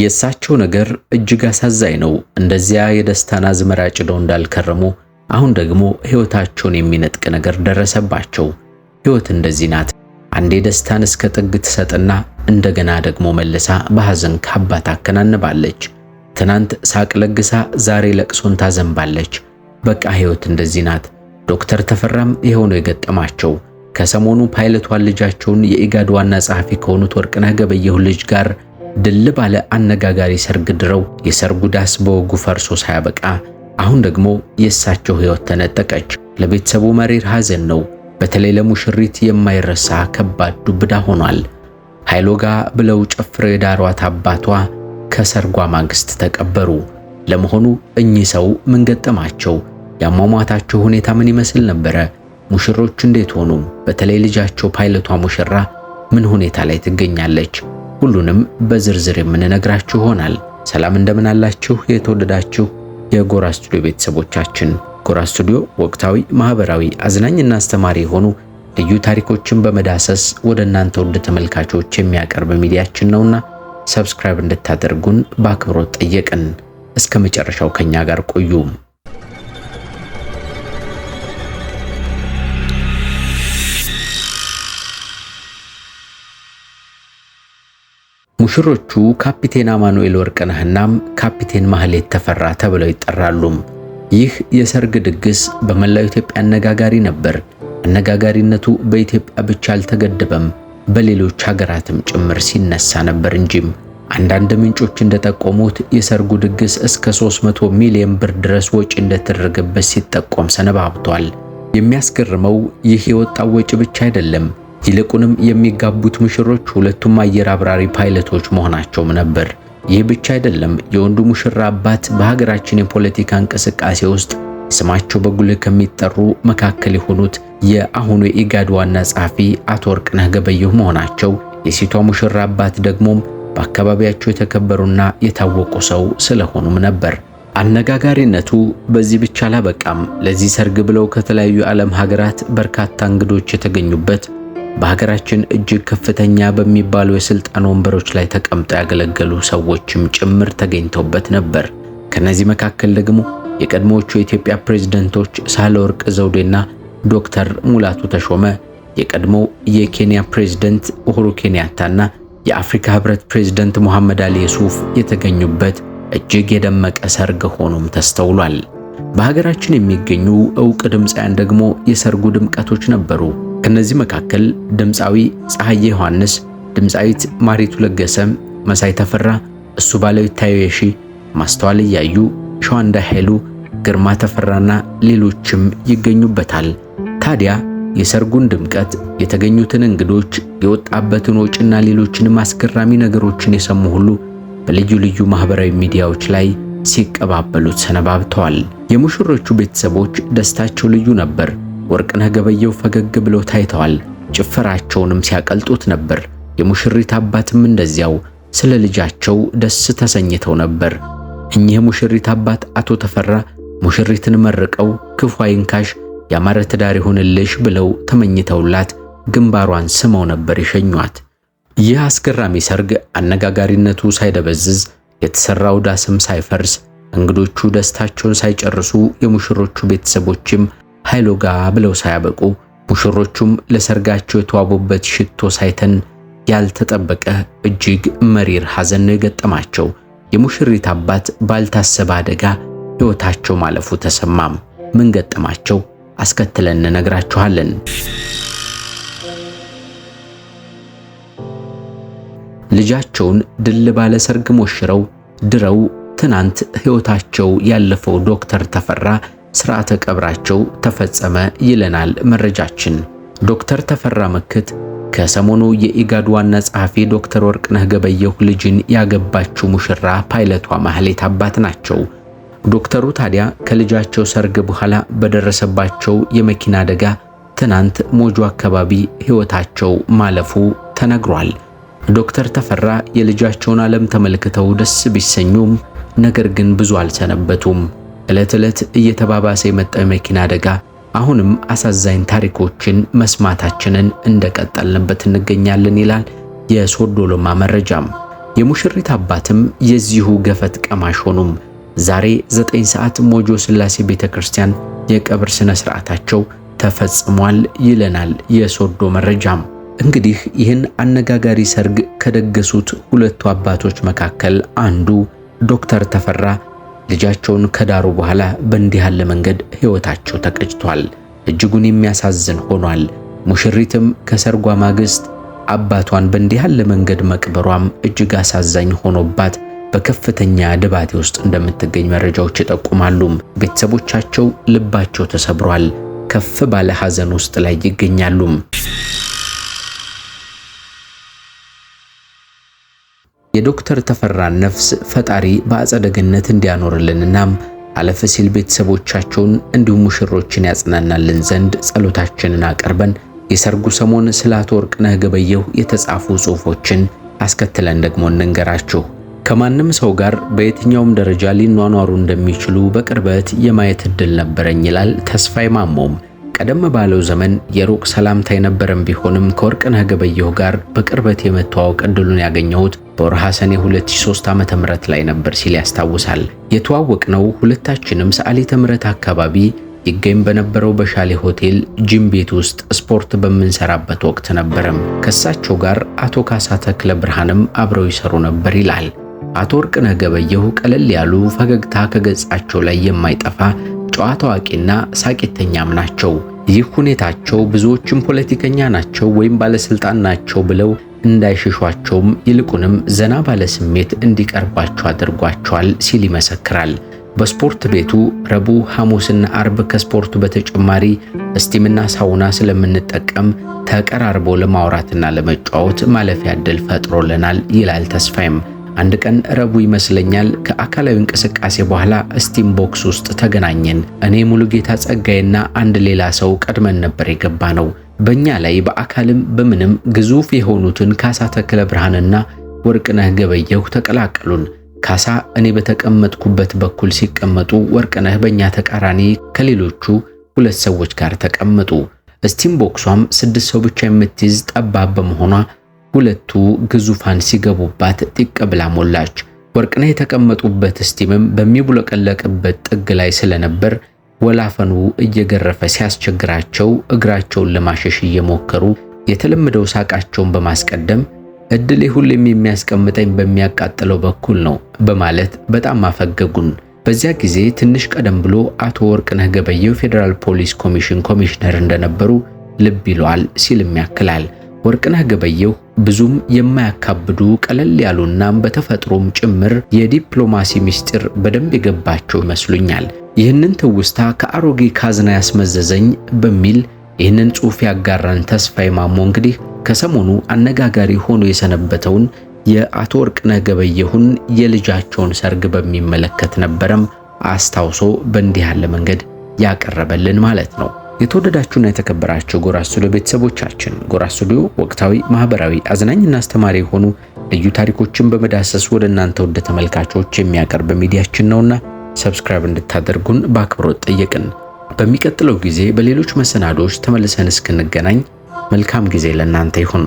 የእሳቸው ነገር እጅግ አሳዛኝ ነው። እንደዚያ የደስታን አዝመራ ጭደው እንዳልከረሙ አሁን ደግሞ ሕይወታቸውን የሚነጥቅ ነገር ደረሰባቸው። ሕይወት እንደዚህ ናት። አንዴ ደስታን እስከ ጥግ ትሰጥና እንደገና ደግሞ መልሳ በሐዘን ካባ ታከናንባለች። ትናንት ሳቅ ለግሳ ዛሬ ለቅሶን ታዘንባለች። በቃ ሕይወት እንደዚህ ናት። ዶክተር ተፈራም ይኸው ነው የገጠማቸው። ከሰሞኑ ፓይለቷን ልጃቸውን የኢጋድ ዋና ጸሐፊ ከሆኑት ወርቅነህ ገበየሁ ልጅ ጋር ድል ባለ አነጋጋሪ ሰርግ ድረው የሰርጉ ዳስ በወጉ ፈርሶ ሳያበቃ አሁን ደግሞ የእሳቸው ሕይወት ተነጠቀች። ለቤተሰቡ መሪር ሐዘን ነው። በተለይ ለሙሽሪት የማይረሳ ከባድ ዱብዳ ሆኗል። ኃይሎጋ ብለው ጨፍረው የዳሯት አባቷ ከሰርጓ ማግስት ተቀበሩ። ለመሆኑ እኚህ ሰው ምን ገጠማቸው? ያሟሟታቸው ሁኔታ ምን ይመስል ነበረ? ሙሽሮቹ እንዴት ሆኑ? በተለይ ልጃቸው ፓይለቷ ሙሽራ ምን ሁኔታ ላይ ትገኛለች? ሁሉንም በዝርዝር የምንነግራችሁ ይሆናል። ሰላም እንደምን አላችሁ? የተወደዳችሁ የጎራ ስቱዲዮ ቤተሰቦቻችን፣ ጎራ ስቱዲዮ ወቅታዊ፣ ማህበራዊ፣ አዝናኝና አስተማሪ የሆኑ ልዩ ታሪኮችን በመዳሰስ ወደ እናንተ ውድ ተመልካቾች የሚያቀርብ ሚዲያችን ነውና ሰብስክራይብ እንድታደርጉን በአክብሮት ጠየቅን። እስከ መጨረሻው ከኛ ጋር ቆዩ። ሙሽሮቹ ካፒቴን አማኑኤል ወርቅነህና ካፒቴን ማህሌት ተፈራ ተብለው ይጠራሉ። ይህ የሰርግ ድግስ በመላው ኢትዮጵያ አነጋጋሪ ነበር። አነጋጋሪነቱ በኢትዮጵያ ብቻ አልተገደበም፣ በሌሎች ሀገራትም ጭምር ሲነሳ ነበር እንጂም አንዳንድ ምንጮች እንደጠቆሙት የሰርጉ ድግስ እስከ 300 ሚሊዮን ብር ድረስ ወጪ እንደተደረገበት ሲጠቆም ሰነባብቷል። የሚያስገርመው ይህ የወጣው ወጪ ብቻ አይደለም። ይልቁንም የሚጋቡት ሙሽሮች ሁለቱም አየር አብራሪ ፓይለቶች መሆናቸውም ነበር። ይህ ብቻ አይደለም። የወንዱ ሙሽራ አባት በሀገራችን የፖለቲካ እንቅስቃሴ ውስጥ ስማቸው በጉልህ ከሚጠሩ መካከል የሆኑት የአሁኑ የኢጋድ ዋና ጸሐፊ አቶ ወርቅነህ ገበየሁ መሆናቸው፣ የሴቷ ሙሽራ አባት ደግሞም በአካባቢያቸው የተከበሩና የታወቁ ሰው ስለሆኑም ነበር። አነጋጋሪነቱ በዚህ ብቻ አላበቃም። ለዚህ ሰርግ ብለው ከተለያዩ የዓለም ሀገራት በርካታ እንግዶች የተገኙበት በሀገራችን እጅግ ከፍተኛ በሚባሉ የስልጣን ወንበሮች ላይ ተቀምጠው ያገለገሉ ሰዎችም ጭምር ተገኝተውበት ነበር። ከነዚህ መካከል ደግሞ የቀድሞዎቹ የኢትዮጵያ ፕሬዝደንቶች ሳህለወርቅ ዘውዴና ዶክተር ሙላቱ ተሾመ፣ የቀድሞው የኬንያ ፕሬዝደንት ኡሁሩ ኬንያታና የአፍሪካ ህብረት ፕሬዝደንት መሐመድ አሊ ሱፍ የተገኙበት እጅግ የደመቀ ሰርግ ሆኖም ተስተውሏል። በሀገራችን የሚገኙ እውቅ ድምፃውያን ደግሞ የሰርጉ ድምቀቶች ነበሩ። ከነዚህ መካከል ድምፃዊ ፀሐዬ ዮሐንስ፣ ድምፃዊት ማሪቱ ለገሰም፣ መሳይ ተፈራ፣ እሱ ባለው ይታየው ማስተዋል እያዩ፣ ሸዋንዳ ኃይሉ፣ ግርማ ተፈራና ሌሎችም ይገኙበታል። ታዲያ የሰርጉን ድምቀት፣ የተገኙትን እንግዶች፣ የወጣበትን ወጪና ሌሎችንም አስገራሚ ነገሮችን የሰሙ ሁሉ በልዩ ልዩ ማህበራዊ ሚዲያዎች ላይ ሲቀባበሉት ሰነባብተዋል። የሙሽሮቹ ቤተሰቦች ደስታቸው ልዩ ነበር። ወርቅነህ ገበየው ፈገግ ብለው ታይተዋል። ጭፈራቸውንም ሲያቀልጡት ነበር። የሙሽሪት አባትም እንደዚያው ስለ ልጃቸው ደስ ተሰኝተው ነበር። እኚህ ሙሽሪት አባት አቶ ተፈራ ሙሽሪትን መርቀው ክፉ አይንካሽ፣ ያማረ ትዳር ይሁንልሽ ብለው ተመኝተውላት ግንባሯን ስመው ነበር የሸኟት። ይህ አስገራሚ ሰርግ አነጋጋሪነቱ ሳይደበዝዝ፣ የተሰራው ዳስም ሳይፈርስ፣ እንግዶቹ ደስታቸውን ሳይጨርሱ የሙሽሮቹ ቤተሰቦችም ኃይሉ ጋ ብለው ሳያበቁ ሙሽሮቹም ለሰርጋቸው የተዋቡበት ሽቶ ሳይተን ያልተጠበቀ እጅግ መሪር ሐዘን ነው የገጠማቸው። የሙሽሪት አባት ባልታሰበ አደጋ ሕይወታቸው ማለፉ ተሰማም። ምን ገጠማቸው? አስከትለን እነግራችኋለን። ልጃቸውን ድል ባለ ሰርግ ሞሽረው ድረው ትናንት ሕይወታቸው ያለፈው ዶክተር ተፈራ ስርዓተ ቀብራቸው ተፈጸመ ይለናል መረጃችን። ዶክተር ተፈራ ምክት ከሰሞኑ የኢጋድ ዋና ጸሐፊ ዶክተር ወርቅነህ ገበየሁ ልጅን ያገባችው ሙሽራ ፓይለቷ ማህሌት አባት ናቸው። ዶክተሩ ታዲያ ከልጃቸው ሰርግ በኋላ በደረሰባቸው የመኪና አደጋ ትናንት ሞጆ አካባቢ ሕይወታቸው ማለፉ ተነግሯል። ዶክተር ተፈራ የልጃቸውን ዓለም ተመልክተው ደስ ቢሰኙም ነገር ግን ብዙ አልሰነበቱም። ዕለት ዕለት እየተባባሰ የመጣው የመኪና አደጋ አሁንም አሳዛኝ ታሪኮችን መስማታችንን እንደቀጠልንበት እንገኛለን ይላል የሶዶ ሎማ መረጃም። የሙሽሪት አባትም የዚሁ ገፈት ቀማሽ ሆኑም። ዛሬ 9 ሰዓት ሞጆ ስላሴ ቤተክርስቲያን የቀብር ስነ ስርዓታቸው ተፈጽሟል ይለናል የሶዶ መረጃም። እንግዲህ ይህን አነጋጋሪ ሰርግ ከደገሱት ሁለቱ አባቶች መካከል አንዱ ዶክተር ተፈራ ልጃቸውን ከዳሩ በኋላ በእንዲህ ያለ መንገድ ሕይወታቸው ተቀጭቷል። እጅጉን የሚያሳዝን ሆኗል። ሙሽሪትም ከሰርጓ ማግስት አባቷን በእንዲህ ያለ መንገድ መቅበሯም እጅግ አሳዛኝ ሆኖባት በከፍተኛ ድባቴ ውስጥ እንደምትገኝ መረጃዎች ይጠቁማሉ። ቤተሰቦቻቸው ልባቸው ተሰብሯል። ከፍ ባለ ሐዘን ውስጥ ላይ ይገኛሉ። የዶክተር ተፈራን ነፍስ ፈጣሪ በአጸደ ገነት እንዲያኖርልንና አለፈ ሲል ቤተሰቦቻቸውን እንዲሁም ሙሽሮችን ያጽናናልን ዘንድ ጸሎታችንን አቀርበን የሰርጉ ሰሞን ስለ አቶ ወርቅነህ ገበየሁ የተጻፉ ጽሑፎችን አስከትለን ደግሞ እንንገራችሁ። ከማንም ሰው ጋር በየትኛውም ደረጃ ሊኗኗሩ እንደሚችሉ በቅርበት የማየት እድል ነበረኝ ይላል ተስፋይ ማሞም። ቀደም ባለው ዘመን የሩቅ ሰላምታ የነበረም ቢሆንም ከወርቅነህ ገበየሁ ጋር በቅርበት የመተዋወቅ እድሉን ያገኘሁት በወርሃ ሰኔ 2003 ዓ.ም ላይ ነበር ሲል ያስታውሳል። የተዋወቅነው ሁለታችንም ሰዓሊተ ምሕረት አካባቢ ይገኝ በነበረው በሻሌ ሆቴል ጂም ቤት ውስጥ ስፖርት በምንሰራበት ወቅት ነበረም። ከእሳቸው ጋር አቶ ካሳ ተክለ ብርሃንም አብረው ይሰሩ ነበር ይላል። አቶ ወርቅነህ ገበየሁ ቀለል ያሉ ፈገግታ ከገጻቸው ላይ የማይጠፋ ጨዋታ አዋቂና ሳቂተኛም ናቸው። ይህ ሁኔታቸው ብዙዎችም ፖለቲከኛ ናቸው ወይም ባለስልጣን ናቸው ብለው እንዳይሸሿቸውም ይልቁንም ዘና ባለ ስሜት እንዲቀርባቸው አድርጓቸዋል ሲል ይመሰክራል። በስፖርት ቤቱ ረቡዕ፣ ሐሙስና አርብ ከስፖርቱ በተጨማሪ እስቲምና ሳውና ስለምንጠቀም ተቀራርቦ ለማውራትና ለመጫወት ማለፊያ ዕድል ፈጥሮልናል ይላል ተስፋይም። አንድ ቀን ረቡ ይመስለኛል ከአካላዊ እንቅስቃሴ በኋላ ስቲም ቦክስ ውስጥ ተገናኘን። እኔ ሙሉጌታ ጸጋዬና አንድ ሌላ ሰው ቀድመን ነበር የገባ ነው። በእኛ ላይ በአካልም በምንም ግዙፍ የሆኑትን ካሳ ተክለ ብርሃንና ወርቅነህ ገበየሁ ተቀላቀሉን። ካሳ እኔ በተቀመጥኩበት በኩል ሲቀመጡ፣ ወርቅነህ በእኛ ተቃራኒ ከሌሎቹ ሁለት ሰዎች ጋር ተቀመጡ። ስቲም ቦክሷም ስድስት ሰው ብቻ የምትይዝ ጠባብ በመሆኗ ሁለቱ ግዙፋን ሲገቡባት ጢቅ ብላ ሞላች። ወርቅነህ የተቀመጡበት ስቲምም በሚቡለቀለቅበት ጥግ ላይ ስለነበር ወላፈኑ እየገረፈ ሲያስቸግራቸው እግራቸውን ለማሸሽ እየሞከሩ የተለመደው ሳቃቸውን በማስቀደም እድሌ ሁሌም የሚያስቀምጠኝ በሚያቃጥለው በኩል ነው በማለት በጣም አፈገጉን። በዚያ ጊዜ ትንሽ ቀደም ብሎ አቶ ወርቅነህ ገበየው ፌዴራል ፖሊስ ኮሚሽን ኮሚሽነር እንደነበሩ ልብ ይለዋል ሲልም ያክላል። ወርቅነህ ገበየው ብዙም የማያካብዱ ቀለል ያሉናም በተፈጥሮም ጭምር የዲፕሎማሲ ምስጢር በደንብ የገባቸው ይመስሉኛል። ይህንን ትውስታ ከአሮጌ ካዝና ያስመዘዘኝ በሚል ይህንን ጽሑፍ ያጋራን ተስፋዬ ማሞ እንግዲህ ከሰሞኑ አነጋጋሪ ሆኖ የሰነበተውን የአቶ ወርቅነህ ገበየሁን የልጃቸውን ሰርግ በሚመለከት ነበረም አስታውሶ በእንዲህ ያለ መንገድ ያቀረበልን ማለት ነው። የተወደዳችሁና የተከበራችሁ ጎራ ስቱዲዮ ቤተሰቦቻችን፣ ጎራ ስቱዲዮ ወቅታዊ፣ ማህበራዊ፣ አዝናኝና አስተማሪ የሆኑ ልዩ ታሪኮችን በመዳሰስ ወደ እናንተ ወደ ተመልካቾች የሚያቀርብ ሚዲያችን ነውና ሰብስክራይብ እንድታደርጉን በአክብሮት ጠየቅን። በሚቀጥለው ጊዜ በሌሎች መሰናዶዎች ተመልሰን እስክንገናኝ መልካም ጊዜ ለእናንተ ይሁን።